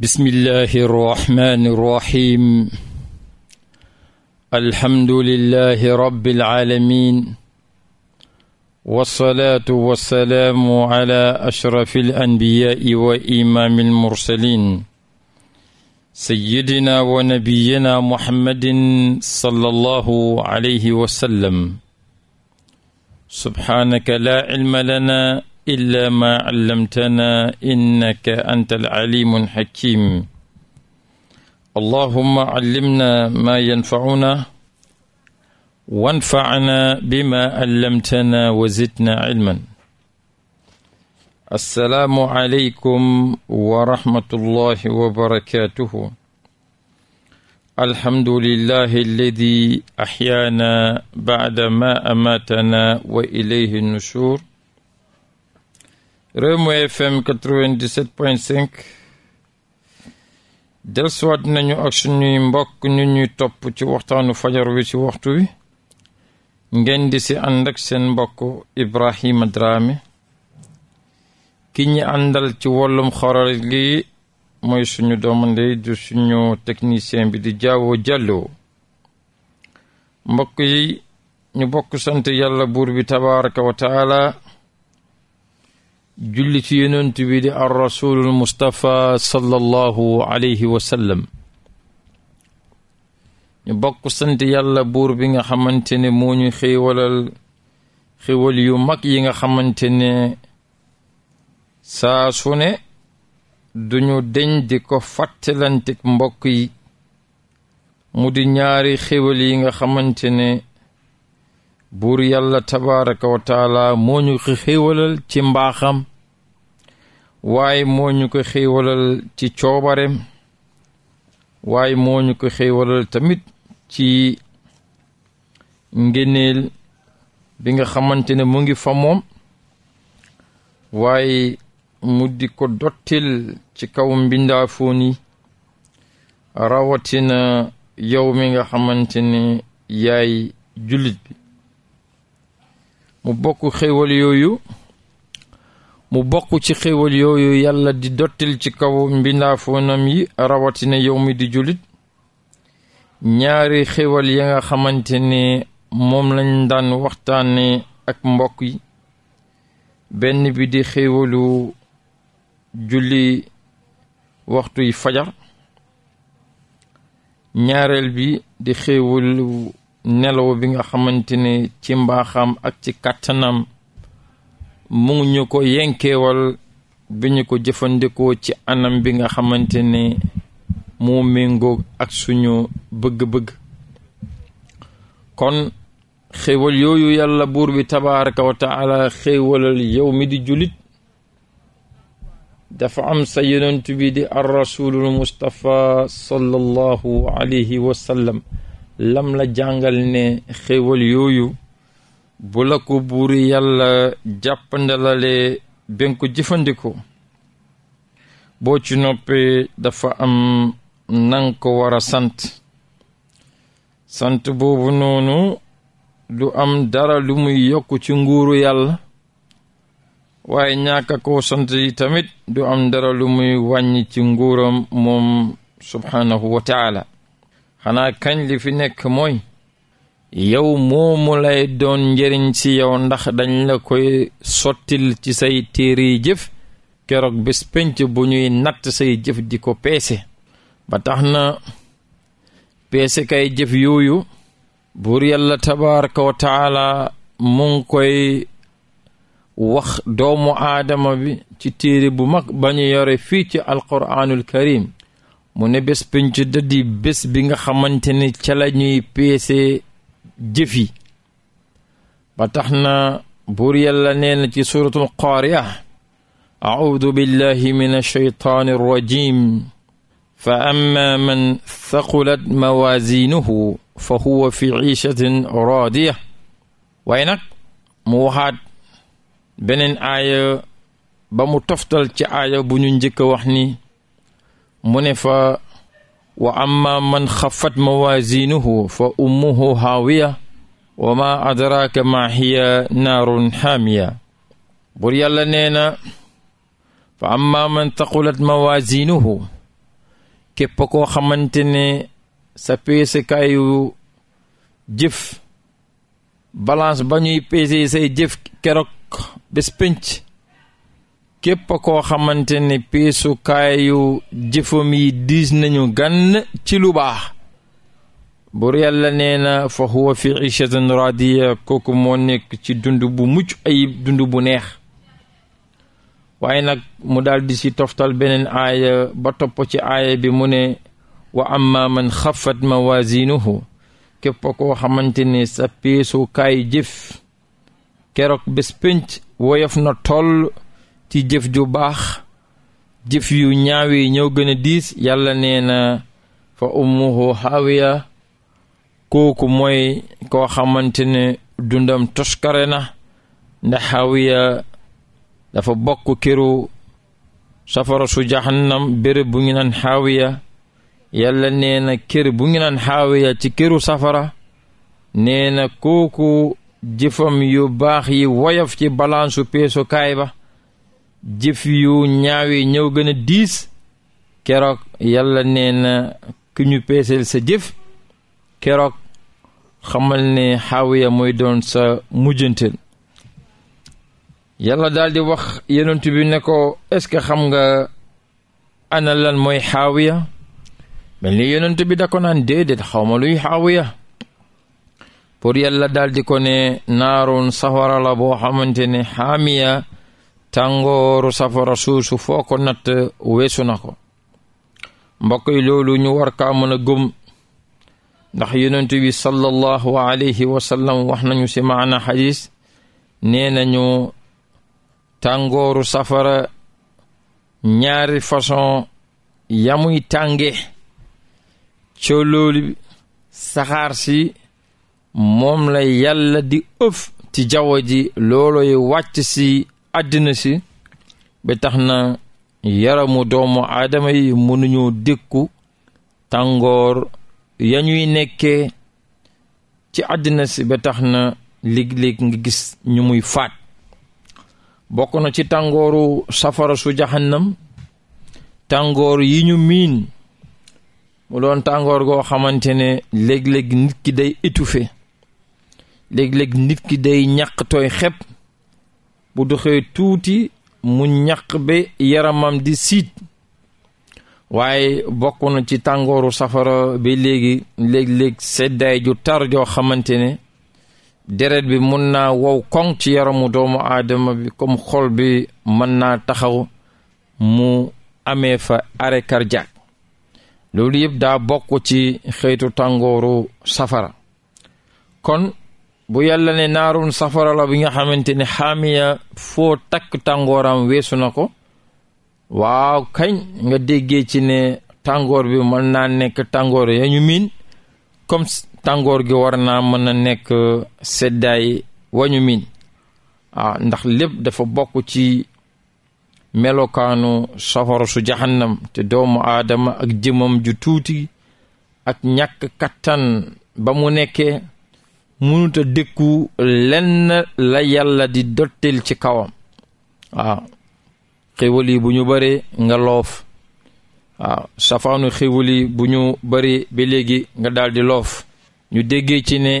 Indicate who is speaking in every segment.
Speaker 1: بسم الله الرحمن الرحيم الحمد لله رب العالمين والصلاة والسلام على أشرف الأنبياء وإمام المرسلين سيدنا ونبينا محمد صلى الله عليه وسلم سبحانك لا علم لنا إلا ما علمتنا إنك أنت العليم الحكيم اللهم علمنا ما ينفعنا وانفعنا بما علمتنا وزدنا علما السلام عليكم ورحمة الله وبركاته الحمد لله الذي أحيانا بعدما أماتنا وإليه النشور Rewmi FM 97.5 dellusiwaat nañu ak suñuy mbokk ñu ñuy topp ci waxtaanu fajar wi ci waxtu wi ngeen di si ànd seen mbokk Ibrahima Dramé ki ñi àndal ci wàllum xarala gi mooy suñu doomu ndey du suñu technicien bi di jaawoo jàlloo mbokk yi ñu bokk sant yàlla buur bi tabaraka wa julli ci yonent bi di ar rasulul mustapha sallallahu alayhi wa sallam ñu bokk sant yàlla buur bi nga xamante ne moo ñu xéewalal xéewal yu mag yi nga xamante ne saa su ne duñu deñ di ko fàttalantik mbokk yi mu di ñaari xéewal yi nga xamante ne buur yàlla tabaraka wa taala moo ñu ko xéewalal ci mbaaxam waaye moo ko xéewalal ci coobarem waaye mooñu ko xéewalal tamit ci ngéneel bi nga xamante ne mu ngi fa moom waaye mu di ko dottil ci kaw mbindaafoon yi rawatina yow mi nga xamante ne yaay jullit mu bokk xéewal yooyu mu bokk ci xéewal yooyu yàlla di dottil ci kaw mbindaafoonam yi rawatina yow mi di jullit ñaari xéewal ya nga xamante ni moom lañ daan waxtaane ak mbokk yi benn bi di xéewalu julli waxtuy fajar ñaareel bi di xéewalu nelaw bi nga xamante ne ci mbaaxam ak ci kàttanam mu ñu ko yenkeewal bi ñu ko jëfandikoo ci anam bi nga xamante ne moo méngoo ak suñu bëgg-bëgg kon xéewal yooyu yàlla buur bi tabaraka wa taala xéewalal yow mi di julit dafa am sa yonent bi di ar rasulul mustapha sallallahu alayhi wa lam la jàngal ne xéewal yooyu bu la ko buuri yàlla jàppandalale ba nga ko jëfandikoo boo ci noppee dafa am nang ko war a sant sant boobu noonu du am dara lu muy yokk ci nguuru yàlla waaye ñaaka koo sant yi tamit du am dara lu muy wàññi ci subhaanahu wa xanaa kañ li fi nekk mooy yow moomu lay doon njëriñ si yow ndax dañ la koy sottil ci say téere yi jëf keroog bés penc bu ñuy natt say jëf di ko peese ba tax na peese kay jëf yooyu buur yàlla tabaraka wa koy wax doomu aadama bi ci téere bu mag ba ñu yore fii ci alquraanul karim mu ne bés penc da di bi nga xamante ne ca la ñuy peese jëf yi ba tax na buur yàlla nee na ci suratul qaariya audu billahi min alsheytaani arrajim fa amma man thaqulat mawazinuhu fa huwa fi ciishatin raadiya mu waxaat benen aaya ba mu toftal ci aaya bu ñu njëkk wax ni mu ne fa wa amma man xafat mawaaziinuhu fa ummuhu haawiya wa ma adraka ma hiya naarun haamiya bur yàlla nee na fa amma man taqulat mawaaziinuhu képp koo xamante ne sa peesekaayu jëf balance ba ñuy peese say jëf keroog bés képp koo xamante ne peesukaayu jëfam yi diis nañu gann ci lu baax buur yàlla nee na fa huwa fi ishatin radiya kooku moo nekk ci dund bu mucc ayib dund bu neex waaye nag mu daldi ci si toftal beneen aaya ba topp ci aaya bi mu ne wa amma man xafat mawazinuhu képp ko xamante ne sa peesukaay jëf keroog bés pénc woyof na toll ci jëf ju baax jëf yu ñaaw yi ñoo gën a diis yàlla nee na fa ummuhu hawiya kooku mooy koo xamante ne dundam toskare na ndax hawiya dafa bokk këru safara su jahannam béréb bu ngi naan hawiya yàlla nee na kër bu ngi naan hawiya ci këru safara nee na kooku jëfam yu baax yi woyof ci balansu peesukaay ba jëf yu ñaaw ñëw gën a diis keroog yàlla nee na ku peeseel sa jëf keroog xamal ne xaawiya mooy doon sa mujjanteel yàlla daal wax yonent bi ne ko est-ce que xam nga ana lan mooy xaawiya mel ni yonent bi da ko naan déedéet xawma luy xaawiya pour yàlla daal ko ne naaroon safara boo xamante ne xaamiya tàngooru safara suusu fooko ko natt weesu na ko mbokk yi loolu ñu war kaa mën a gëm ndax yonent sallallahu alayhi wa sallam wax nañu si maana xadis nee nañu tàngooru safara ñaari fason yamuy tànge coo saxaar si moom la yàlla di ëf ci jaww ji looloy wàcc si àddina si ba tax na yaramu doomu aadama yi mënuñoo dékku tàngoor ya ñuy nekkee ci àddina si ba tax na léeg-léeg nga gis ñu muy faat bokk na ci tàngooru safara su jaxanam tàngoor yi ñu miin mu doon tàngoor goo xamante ne léeg-léeg nit ki day étouffé léeg-léeg nit ki day ñàq xepp bu doxee tuuti mu ñaq be yaramam di siit waaye bokk na ci tàngooru safara bi léegi léeg-léeg seddaay ju tar joo xamante ne deret bi mun naa wow kon ci yaramu doomu aadama bi comme xol bi mën naa taxaw mu amee fa arrêt cardiaque loolu yépp daa bokk ci xeetu tàngooru safara kon bu yàlla ne naarun safara la bi nga xamante ne xaamiya foo takk tàngooram weesu na ko waaw kañ nga déggee ci ne tàngoor bi mën naa nekk tàngoor yañu ñu miin comme tàngoor gi war naa mën a nekk seddaay wañu min ah ndax lépp dafa bokk ci melokaanu safara su jahannam te doomu aadama ak jëmam ju tuuti ak ñakk kattan ba mu nekkee mënut dëkku dékku lenn la yàlla di dottil ci kawam waaw xéwal yi bu ñu bëree nga loof waaw safaanu xéwal bu ñu bëree ba léegi nga daldi loof ñu déggee ci ne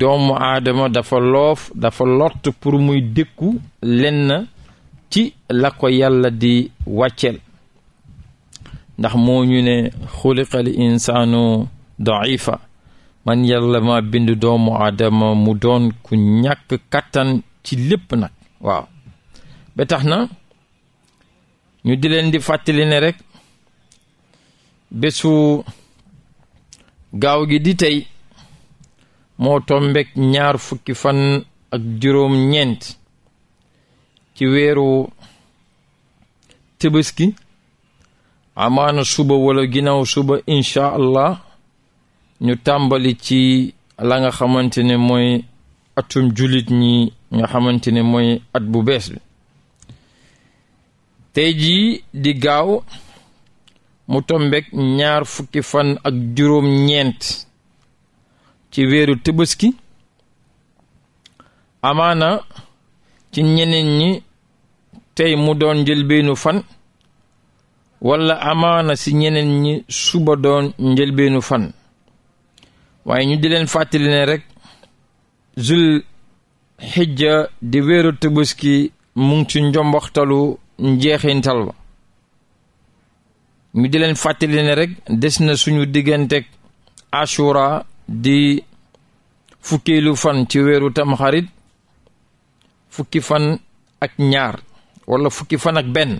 Speaker 1: doomu aadama dafa loof dafa lott pour muy dëkku lenn ci la ko yàlla di wàcceel ndax moo ñu ne xuliqal insaanu daifa man yàlla ma bind doomu aadama mu doon ku ñàkk kàttan ci lépp nag waaw ba tax na ñu di leen di fàttali ne rek bésu gaaw gi di tey moo tombek ñaar fukki fan ak juróom ñeent ci weeru tëbaski amaana suba wala ginnaaw suba incha allah ñu tàmbali ci la nga xamante ne mooy atum julit ñi nga xamante ne mooy at bu bees bi tey jii di gaaw mu tombek ñaar fukki fan ak juróom ñeent ci weeru tëbaski amaana ci ñeneen ñi tey mu doon njëlbeenu fan walla amaana ci ñeneen ñi suba doon njëlbeenu fan waaye ñu di leen fàttali ne rek zul xijja di wéeru tabaski mu ci njomboxtalu njeexintal ba ñu di leen fàttali ne rek des na suñu diggantek ashura di fukkilu fan ci weeru tamxarit fukki fan ak ñaar wala fukki fan ak benn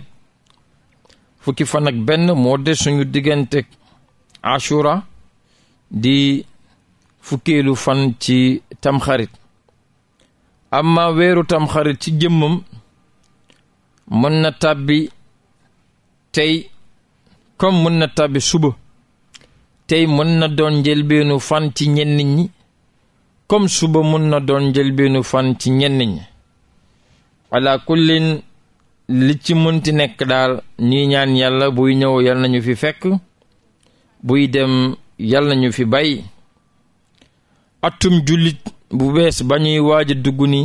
Speaker 1: fukki fan ak benn moo des suñu diggantek ashura di fukkeelu fan ci tamxarit amma weeru tamxarit ci jëmmam mën na tàbbi tey comme mën na tàbbi suba tey mën na doon njëlbeenu fan ci ñenn ñi suba mën na doon njëlbeenu fan ci ñenn ñi ala kullin li ci mënti nekk daal ñuy ñaan yàlla buy ñëw yal nañu fi fekk buy dem yal nañu fi bay atum jullit bu bees bañuy ñuy waaj a dugg ni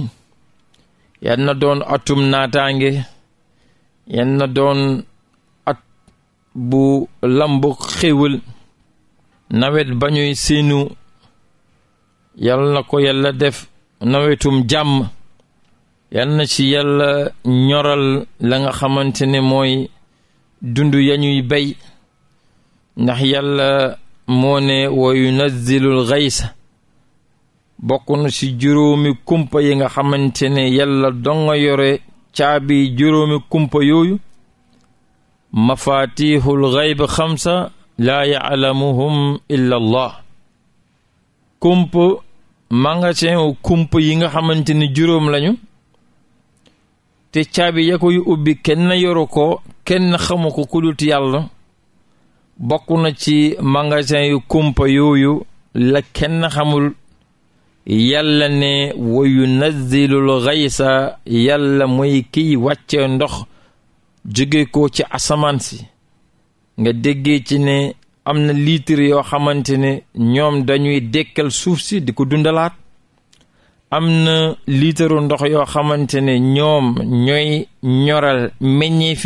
Speaker 1: yan na doon atum naataange yan na doon at bu lamb xéwal nawet bañuy siinu seenu na ko yalla def nawetum jàmm yal na ci yàlla ñoral la nga xamante ne mooy dund yañuy ñuy bay ndax yàlla moo ne wa yunazilul gaysa bokk na ci juróomi kumpa yi nga xamante ne yàlla donga yore caabi juróomi kumpa yooyu mafatihul gayb xamsa laa yaalamuhum illa allah kumpa magasin wu kumpa yi nga xamante ne juróom lañu te caabi ya ubbi kenn yoru ko kenn xamu ko ku dut yàlla bokk na ci magasin yu kumpa yooyu la kenn xamul yàlla ne woyu wa yunazzilul xaysa yàlla mooy kiy wàcce ndox jóge ko ci asamaan si nga déggee ci ne am na litre yoo xamante ne ñoom dañuy dekkal suuf si di ko dundalaat am na liitaru ndox yoo xamante ne ñoom ñooy ñoral meññeef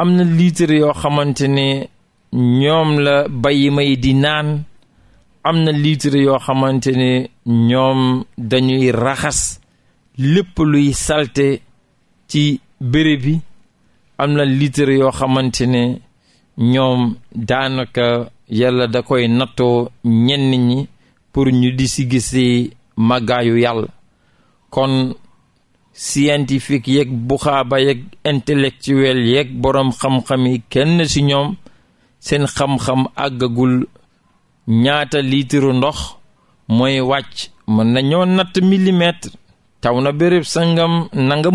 Speaker 1: am na litre yoo xamante ne ñoom la bay may di naan am na litre yoo xamante ne ñoom dañuy raxas lépp luy salte ci béréb bi am na litre yoo xamante ne ñoom daanaka yàlla da koy nattoo ñenn ñi pour ñu di si gisee màggaayu yàlla kon scientifique yeeg buxaaba yeeg intellectuel yeeg boroom xam-xam yi kenn ci ñoom seen xam-xam àggagul ñaata liitiru ndox mooy wàcc mën nañoo natt millimètre taw na béréb sangam nanga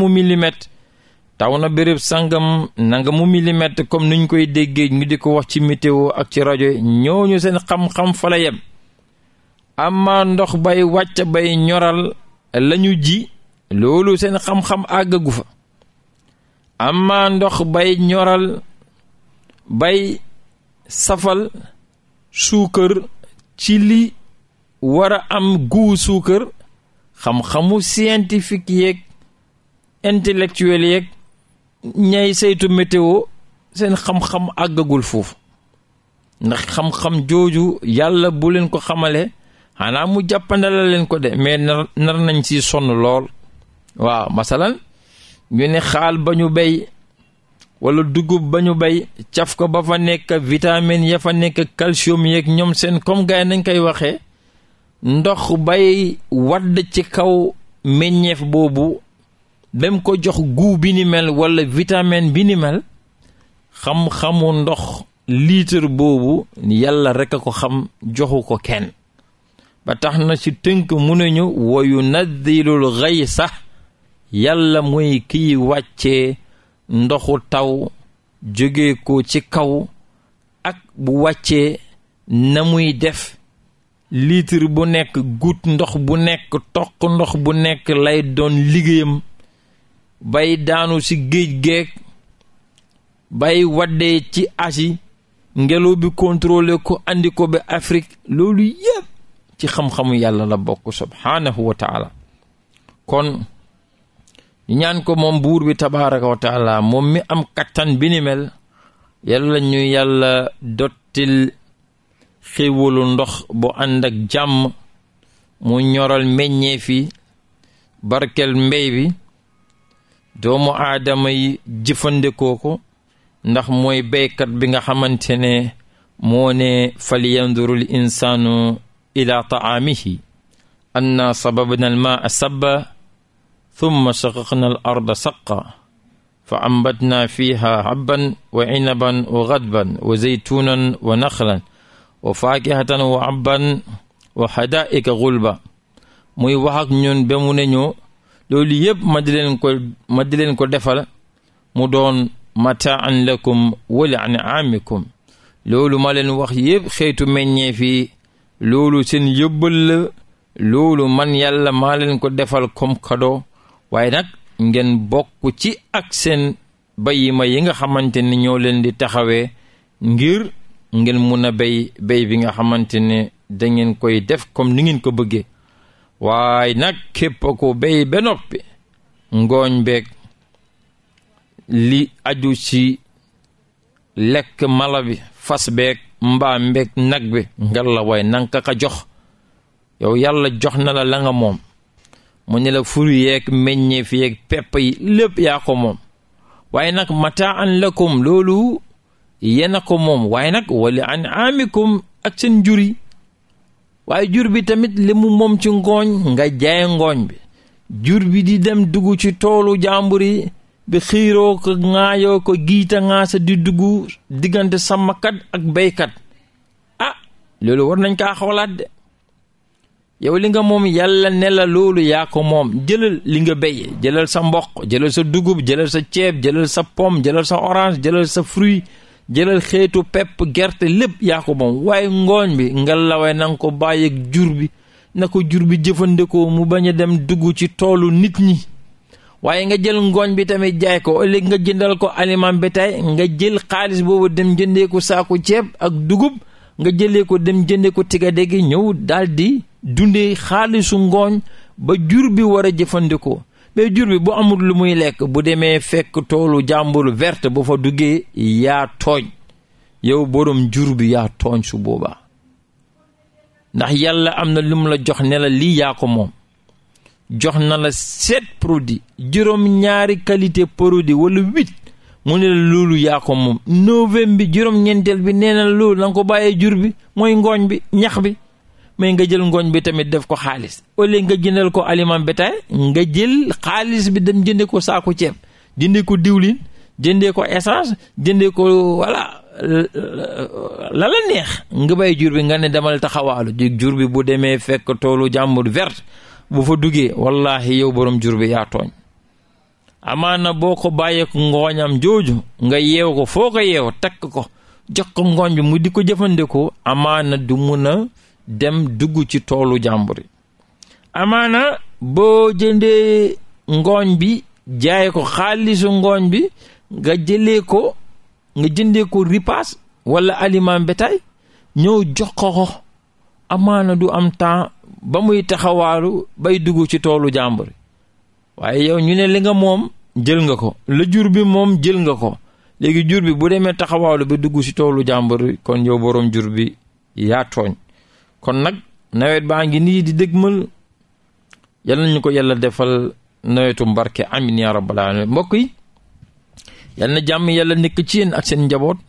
Speaker 1: na béréb sangam nanga mu millimètre comme nuñ koy déggee ñu di ko wax ci météo ak ci rajo ñooñu seen xam-xam fa la yem ndox bay wàcc bay ñoral lañu ji loolu seen xam-xam àggagu fa amaa ndox bay ñoral bay safal suukar ci li war a am guu suukar xam-xamu scientifique yeeg intellectuel yeeg ñay saytu météo seen xam-xam àggagul foofu ndax xam-xam jooju yàlla bu leen ko xamale xanaa mu jàppandala leen ko de mais nar nar nañ ci sonn lool waaw masalan ñu ne xaal ba ñu béy wala dugub ba ñu bay caf ko ba fa nekk vitamine ya fa nekk calcium yeeg ñoom seen comme gars yi nañ koy waxe ndox bay wadd ci kaw meññeef boobu dem ko jox guu bi walla mel wala bi ni mel xam-xamu ndox litre boobu yàlla rekk a ko xam joxu ko kenn ba tax na ci tënk mu nañu wa yunazzilul sax yàlla mooy kiy wàcce ndoxu taw jóge ko ci kaw ak bu wàccee na muy def litre bu nekk gut ndox bu nekk toq ndox bu nekk lay doon liggéeyam bay daanu ci géej geeg bay waddee ci asi ngelaw bi contrôlé ko indi ko ba afrik loolu yépp ci xam-xamu yàlla la bokk subhaanahu wa kon ñaan ko moom buur wi tabaraka wa moom mi am kattan bi ni mel yàlla ñu yàlla dottil xéwalu ndox bu ànd ak jàmm mu ñoral meññeefi yi barkel mbéy bi doomu aadama yi jëfandikoo ko ndax mooy béykat bi nga xamante ne moone ne falyandurul insaanu ila taamihi anna sababna al maa sabba thumma shaqaqna al arda saqa fa ambatna fiha habban wa inaban wa gadban wa zeytunan wa naxlan wa faakihatan wa abban wa hadaika gulba muy waxak ak ñun ba mu ne ñu loolu yëpp ma leen ko ma defal mu doon mataan lakum wa li anaamikum loolu ma wax yëpp xeetu meññeef yi loolu seen yóbbal loolu man yàlla maa leen ko defal comme cadeau waaye nag ngeen bokk ci ak seen bayima yi nga xamante ni ñoo leen di taxawee ngir ngeen mun a béy béy bi nga xamante ne da ngeen koy def comme ni ngeen ko bëggee waaye nag képp ko béy ba noppi ngooñ beeg li aju ci lekk mala bi fas beeg mbaam beeg nag bi ngal la nanka ka jox yow yàlla jox na la la moom mu ne la furu yeeg meññeef yeeg pepp yi lépp yaa ko moom waaye nag la lakum loolu yéen ko moom waaye nag wali an amikum ak seen jur yi waaye jur bi tamit li moom ci ngooñ nga jaay ngooñ bi jur bi di dem dugg ci toolu jàmbur yi bi xiiroo ko ŋaayoo ko giita ŋaasa di dugg diggante sàmmkat ak béykat ah loolu war nañ kaa xoolaat yow li nga moom yàlla nela loolu yaa ko moom jëlal li nga béy jëlal sa mboq jëlal sa dugub jëlal sa ceeb jëlal sa pom jëlal sa orange jëlal sa fruit jëlal xeetu pepp gerte lépp yaa ko moom waaye ngooñ bi nga lawee na nga ko bàyyeeg jur bi na ko jur bi jëfandikoo mu bañ a dem dugg ci toolu nit ñi waaye nga jël ngooñ bi tamit jaay ko ëllëg nga jëndal ko aliment bétail nga jël xaalis boobu dem jëndee ko saako ceeb ak dugub nga jëlee ko dem jëndee ko tigadege ñëw daal di dundee xaalisu ngooñ ba jur bi war a jëfandikoo mais jur bi bu amul lu muy lekk bu demee fekk toolu jàmbur verte bu fa duggee yaa tooñ yow borom jur bi yaa tooñ su boobaa ndax yàlla am na lum la jox nela lii yaa ko moom jox na la sept produits juróom-ñaari qualité produit wala huit mu ne la loolu yaa ko moom neuvième bi juróom-ñeenteel bi nee na loolu na ko bàyyee jur bi mooy ngooñ bi ñax bi mais nga jël ngooñ bi tamit def ko xaalis au lieu nga jëndal ko aliment bétail nga jël xaalis bi dem jëndee ko saaku ceeb jëndee ko diwlin jëndee ko essence jëndee ko voilà la la neex nga jur bi nga ne demal taxawaalu jur bi bu demee fekk toolu jàmbur vert bu fa duggee wallahi yow borom jur bi yaa tooñ na boo ko bàyyeeku ngooñam jooju nga yeew ko foo ko yeew takk ko jox ko ngooñ bi mu di ko jëfandikoo amaana du mun a dem dugg ci toolu jàmbur yi amaana boo jëndee ngooñ bi jaay ko xaalisu ngooñ bi nga jëlee ko nga jëndee ko ripaas wala aliment bétail ñëw jox ko amaana du am temps ba muy taxawaalu bay dugg ci toolu jàmbur waaye yow ñu ne li nga moom jël nga ko la jur bi moom jël nga ko léegi jur bi bu demee taxawaalu ba dugg ci toolu jàmbur kon yow borom jur bi yaa tooñ kon nag nawet baa ngi nii di dégmal yal nañu ko yàlla defal nawetu mbarke amin yaa rabbal mbokk yi yal na jàmm yàlla nekk ci yéen ak seen njaboot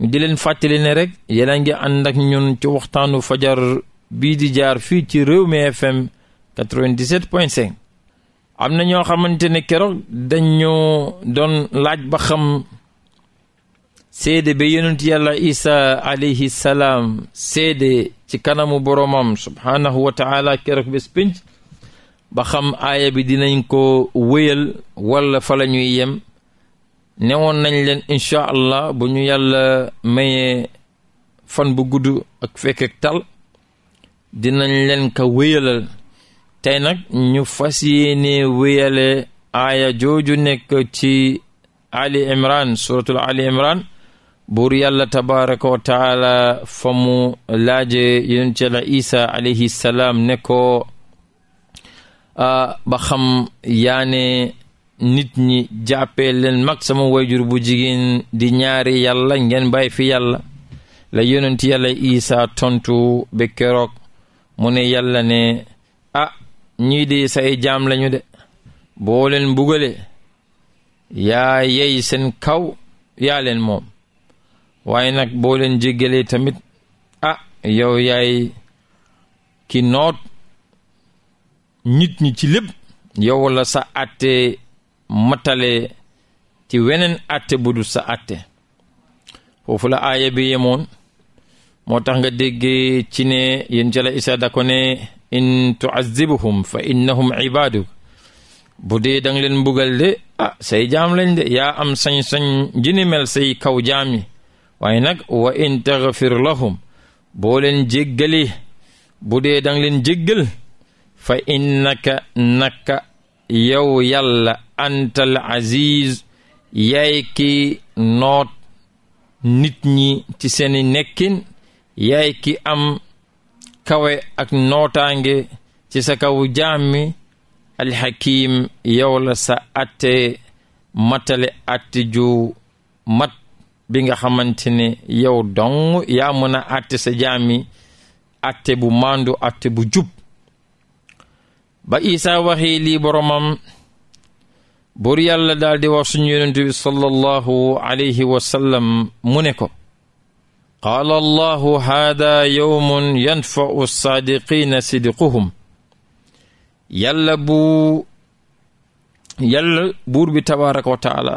Speaker 1: ñu di leen fàttali ne rek yéen a ngi ànd ak ñun ci waxtaanu fajar bii di jaar fii ci Rewmi FM 97.5 am na ñoo xamante keroog dañu doon laaj ba xam seede ba yonent yàlla isa alayhi salaam seede ci kanamu boromam subhaanahu wa taala keroog bés pénc ba xam aaya bi dinañ ko wéyal walla fala ñuy yem newoon nañ leen incha allah bu ñu yàlla mayee fan bu gudd ak fekk tal dinañ leen ka wéyalal tey nag ñu fas yéene wéyale aaya jooju nekk ci ali imran suratul ali imran buur yàlla tabaraka wa taala fa mu laaje yonent yàlla isa alayhi salaam ne ko ah, baxam yaane nit ñi jàppee leen mag sama wayjur bu jigéen di ñaari yàlla ngeen bàyyi fi yàlla la yonent yàlla isa tontu ba keroog mu ne yàlla ne ah ñii de say jaam lañu de boo leen bugale yaa yey seen kaw yaa moom waaye nag boo leen jéggalee tamit a ah, yow yaay ki noot nit ñi ci lépp yow la sa àtte matale ci weneen àtte bu dul sa àtte foofu la aaya bi yemoon moo tax nga déggee ci ne yéen ca la isa da ko ne in tuazibuhum fa innahum ibaaduk bu dee da nga leen mbugal de ah say jaam lañ de yaa am sañ-sañ ji ni say kaw jaam yi waaye nag wa in taxfir lahum boo leen jéggalee bu dee dang leen jéggal fa innaka naka yow yàlla antal aziz yayki noot nit ñi ci seeni nekkin yaay ki am kawe ak nootaange ci sa kaw jaammi alxakim yow la sa atte matale atte ju mat bi nga xamante ne yow dong yaa mën a àtte sa jaami bu màndu àtte bu jub ba Isaa waxee lii boromam buur yàlla daal wax suñu yonent bi sallallahu alayhi wa sallam mu ne ko qaala allahu haada yowmun yanfau saadiqina sidquhum yàlla bu yàlla buur bi wa taala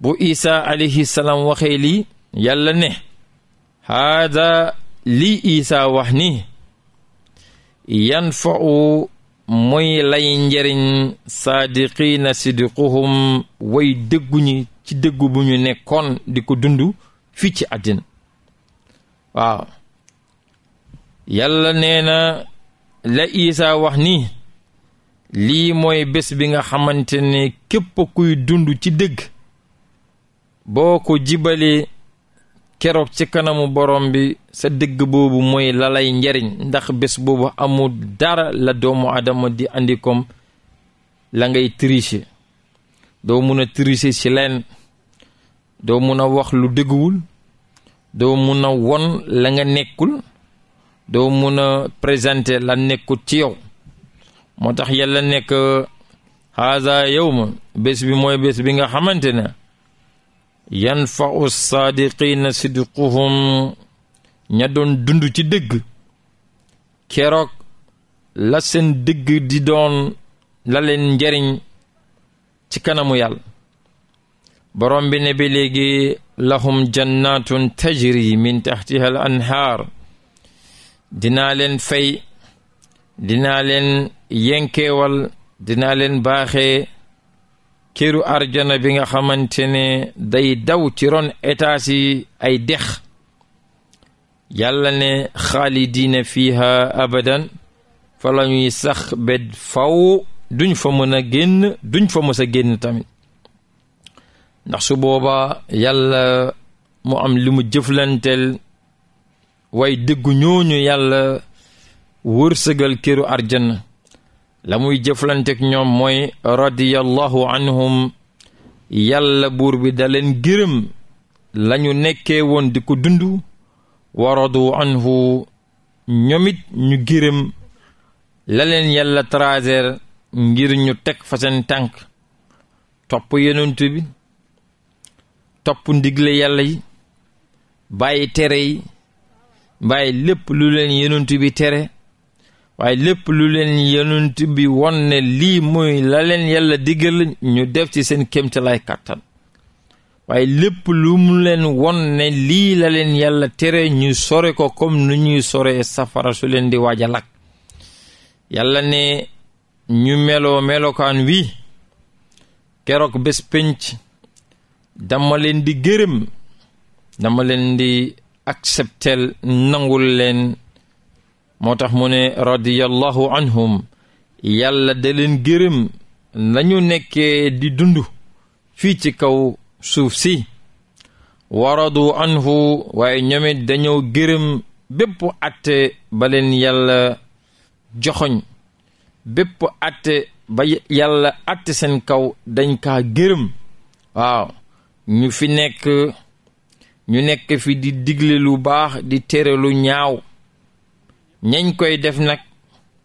Speaker 1: bu isa alayhi salaam waxee yàlla ne haada lii isa wax ni yan fa'u mooy lay njariñ saadiqiina sidquhum way dëgguñi ci dëggu bu ñu nekkoon di ko dundu fii ci àddina waaw yàlla nee na la isa wax ni lii mooy bés bi nga xamante ne képp kuy dund ci dëgg boo ko jibalee keroog ci kanamu borom bi sa dëgg boobu mooy la lay njariñ ndax bés boobu amul dara la doomu adama di andikom la ngay tricher doo mun a tricher ci leen doo mun a wax lu dëgguwul doo mun a won la nga nekkul doo mun a présenter la nekkul ci yow moo tax yàlla nekk haza yow ma bés bi mooy bés bi nga xamante ne yanfau saadiqina sidquhum ña doon dund ci dëgg keroog la seen dëgg di doon la njariñ ci kanamu yàlla borom bi ne bi léegi lahum jannatun tajri min taxtiha al anhaar dinaa leen fay dinaa leen yenkeewal dinaa leen baaxee këru arjana bi nga xamante ne day daw ci ron étaas yi ay dex yàlla ne xaalidiina fiiha abadan fa la ñuy sax bed faw duñ fa mën a génn duñ fa mës a génn tamit ndax su boobaa yàlla mu am limu mu jëflanteel way dëggu ñooñu yàlla wërsëgal këru arjana la muy jëflantek ñoom mooy radiyallahu anhum yàlla buur bi da leen gërëm lañu nekkee woon di ko dund wa radu anhu ñoomit ñu gërëm la leen yàlla traser ngir ñu teg fa tànk topp yonent bi topp ndigle yàlla yi bàyyi tere yi bàyyi lépp lu leen yonent tere waaye lépp lu leen yonent bi won ne lii mooy la leen yàlla digal ñu def ci seen kéemtalaay kàttan waaye lépp lu mu leen won ne lii la leen yàlla tere ñu sore ko comme nu ñuy sore safara su leen di waaj a yàlla ne ñu meloo melokaan wi keroog bés pénc dama leen di gërëm dama leen di acceptel nangul leen moo tax mu ne radiyallahu anhum yàlla da leen gërëm nañu nekkee di dund fii ci kaw suuf si waradu anhu waaye ñoomit dañoo gërëm bépp atte ba leen joxoñ bépp atte ba yàlla atte seen kaw dañ kaa gërëm waaw ñu fi nekk ñu nekk fi di digle lu baax di tere lu ñaaw ñañ koy def nag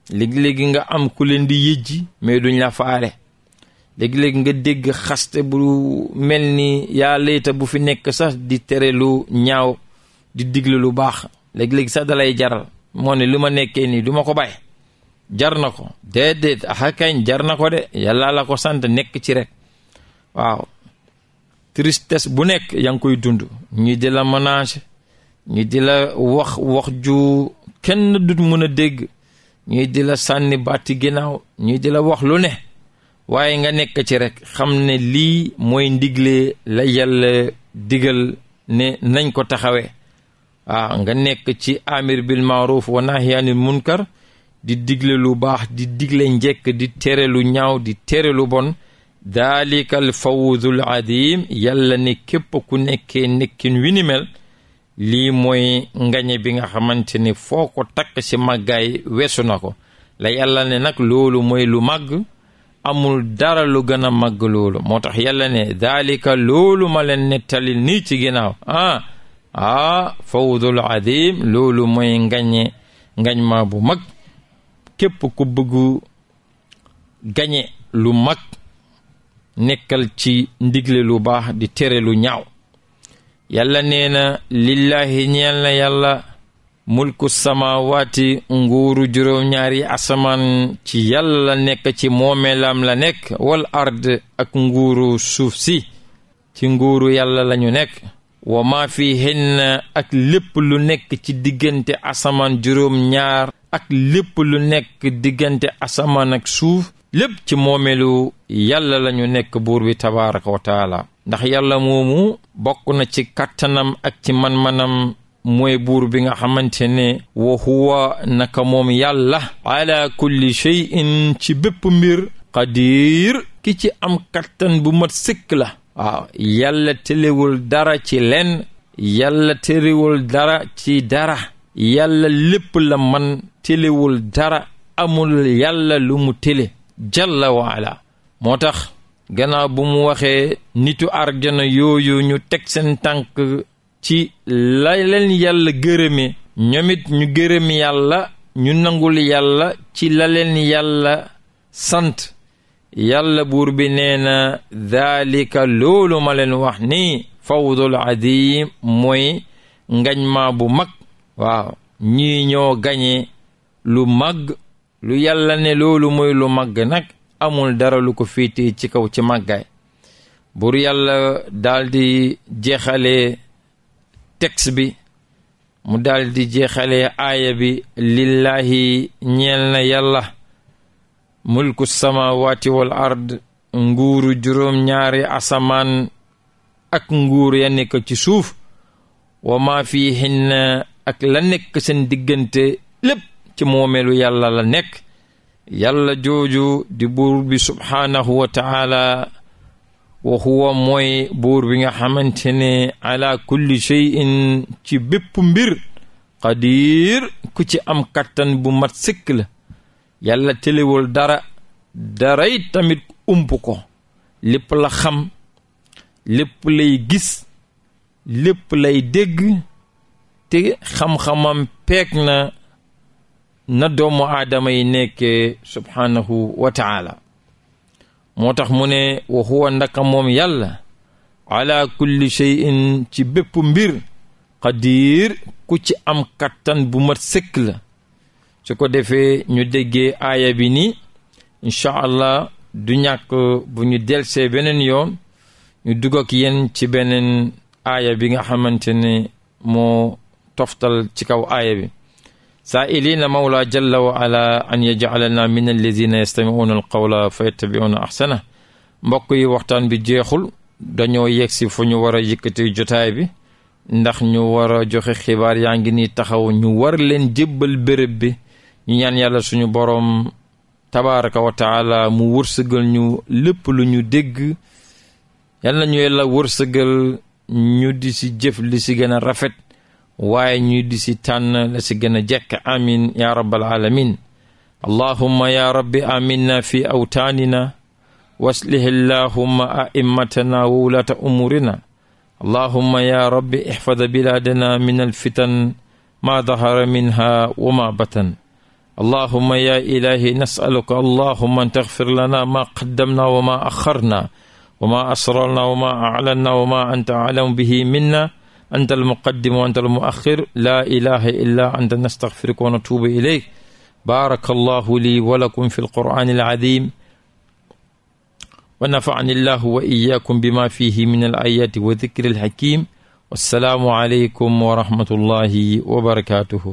Speaker 1: léegi-léegi nga am ku leen di yëjji mais duñ la faale léegi-léegi nga dégg xaste bu mel ni yaa layta bu fi nekk sax di tere lu ñaaw di digle lu baax léegi-léegi sax dalay jaral moo ne lu ma nekkee nii duma ko bàyyi jar na ko déedéet axakañ jar na ko de yàlla la ko sant nekk ci rek waaw tristesse bu nekk yaa koy dund ñu di la ménage ñu di la wax wax kenn dut mun a dégg ñuy di la sànni baati ginnaaw ñuy di la wax lu ne waaye nga nekk ci rek xam ne lii mooy ndigle la yàlla digal ne nañ ko taxawe ah nga nekk ci amir bil maaruf wa nahyanil munkar di digle lu baax di digle njekk di tere lu ñaaw di tere lu bon daalikal fawzul adim yàlla ne képp ku nekkee nekkin wi lii mooy ngañe bi nga xamante ni foo ko takk ci màggaay weesu na ko la yàlla ne nag loolu mooy lu màgg amul dara lu gana a màgg loolu moo tax yàlla ne daalika loolu ma leen nettali nii ci ginnaaw ah ah fawdul adim loolu mooy ngañe ngañ maa bu mag képp ku bëggu gañe lu mag nekkal ci ndigle lu baax di tere lu ñaaw yàlla nee na lillaahi ñeel na yàlla mulku samaawaati nguuru juróom-ñaari asamaan ci yàlla la nekk ci moomeelam la nekk wal ard ak nguuru suuf si ci nguuru yàlla lañu nekk wa maa fi hinna ak lépp lu nekk ci diggante asamaan juróom-ñaar ak lépp lu nekk diggante asamaan ak suuf lépp ci moomeelu yàlla lañu nekk buur bi tabaaraka wa ndax yàlla moomu bokk na ci kàttanam ak ci man-manam mooy buur bi nga xamante ne wa huwa naka moom yàlla ala kulli shay'in ci bépp mbir qadir ki ci am kattan bu mat sëkk la waaw yàlla telewul dara ci leen yàlla telewul dara ci dara yàlla lépp la man telewul dara amul yàlla lumu mu tele jalla waala moo tax gannaaw bum mu waxee nitu arjana yooyu ñu teg seen tànk ci la leen yàlla gërëme ñoomit ñu gërëm yàlla ñu nangul yàlla ci la leen yàlla sant yàlla buur bi nee na loolu ma wax ni fawdul adim mooy ngañmaa bu mag waaw ñii ñoo gañe lu mag lu yàlla ne loolu mooy lu mag nag amul dara lu ko fiiti ci kaw ci màggaay buur yàlla daldi jeexalee texte bi mu daldi jeexale aaya bi lillaahi ñeel na yàlla mulku samaawaati wal ard nguuru juróom-ñaari asamaan ak nguur ya nekk ci suuf wa maa fiihinna ak la nekk seen diggante lépp ci moomeelu yàlla la nekk yàlla jooju di buur bi subhaanahu wa taala wa huwa mooy buur bi nga xamante ne ala kulli ci bépp mbir qadir ku ci am kattan bu mat sëkk la yàlla telewul dara daray tamit ump ko lépp la xam lépp lay gis lépp lay dégg te xam-xamam peeg na na doomu aadama yi nekkee subhaanahu wa taala moo tax mu ne wa huwa ndaka moom yàlla ala kulli shay'in ci bépp mbir qadir ku ci am kattan bu mat sëkk la su ko defee ñu déggee aaya bi ni incha du ñàkk bu ñu delsee beneen yoon ñu dugg ak ci beneen aaya bi nga xamante ne moo toftal ci kaw aaya bi saa saa'iliina mawla jalla wa ala an yaj'alana min allazina yastami'una alqawla fa yattabi'una ahsana mbokk yi waxtaan bi jeexul dañoo yegg si fo ñu war a yëkkati jotaay bi ndax ñu war a joxe xibaar yaa ngi nii taxaw ñu war leen jëbbal bërëb bi ñu ñaan yàlla suñu boroom tabaraka wa taala mu wërsëgal ñu lépp lu ñu dégg yàlla ñu yàlla wërsëgal ñu di ci jëf li ci gën a rafet waaye ñu di si tànn la si gën a jekk amin ya rabbal alamin allahumma ya rabbi aminna fi awtaanina waslih allahumma a'immatana wa wulata umurina allahumma ya rabbi ihfad biladana min alfitan ma dahara minha wa ma batan allahumma ya ilahi nasaluka allahumma an taghfir lana ma qaddamna wa ma axarna wa ma asrarna wa ma a'lanna wa ma anta a'lamu bihi minna anta al muqaddim wa anta al muaxir laa ilaha illa anta nastaxfiruka wa natuubu ilayk baaraka allahu lii wa lakum fi alqur'ani alazim wa nafa'ani allahu wa iyyakum bima fihi min al ayati wa dikri alhakim wassalaamu aleykum wa rahmatullahi wa barakatuhu